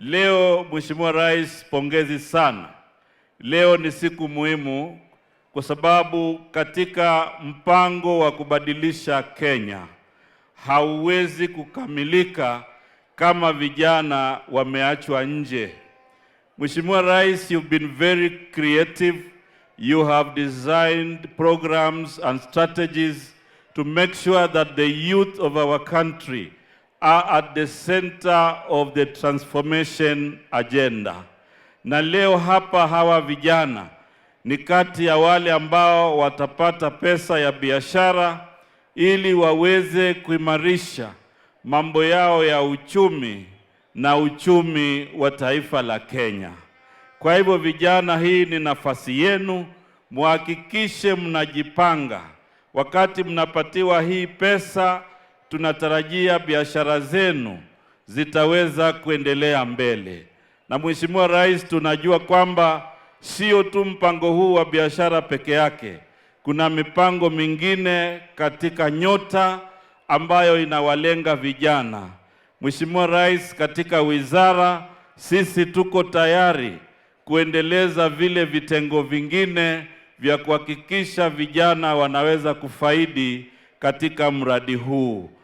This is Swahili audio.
Leo Mheshimiwa Rais, pongezi sana. Leo ni siku muhimu kwa sababu katika mpango wa kubadilisha Kenya hauwezi kukamilika kama vijana wameachwa nje. Mheshimiwa Rais, you've been very creative. You have designed programs and strategies to make sure that the youth of our country are at the center of the transformation agenda. Na leo hapa hawa vijana ni kati ya wale ambao watapata pesa ya biashara ili waweze kuimarisha mambo yao ya uchumi na uchumi wa taifa la Kenya. Kwa hivyo vijana, hii ni nafasi yenu, muhakikishe mnajipanga wakati mnapatiwa hii pesa tunatarajia biashara zenu zitaweza kuendelea mbele. Na Mheshimiwa Rais, tunajua kwamba sio tu mpango huu wa biashara peke yake, kuna mipango mingine katika Nyota ambayo inawalenga vijana. Mheshimiwa Rais, katika wizara sisi tuko tayari kuendeleza vile vitengo vingine vya kuhakikisha vijana wanaweza kufaidi katika mradi huu.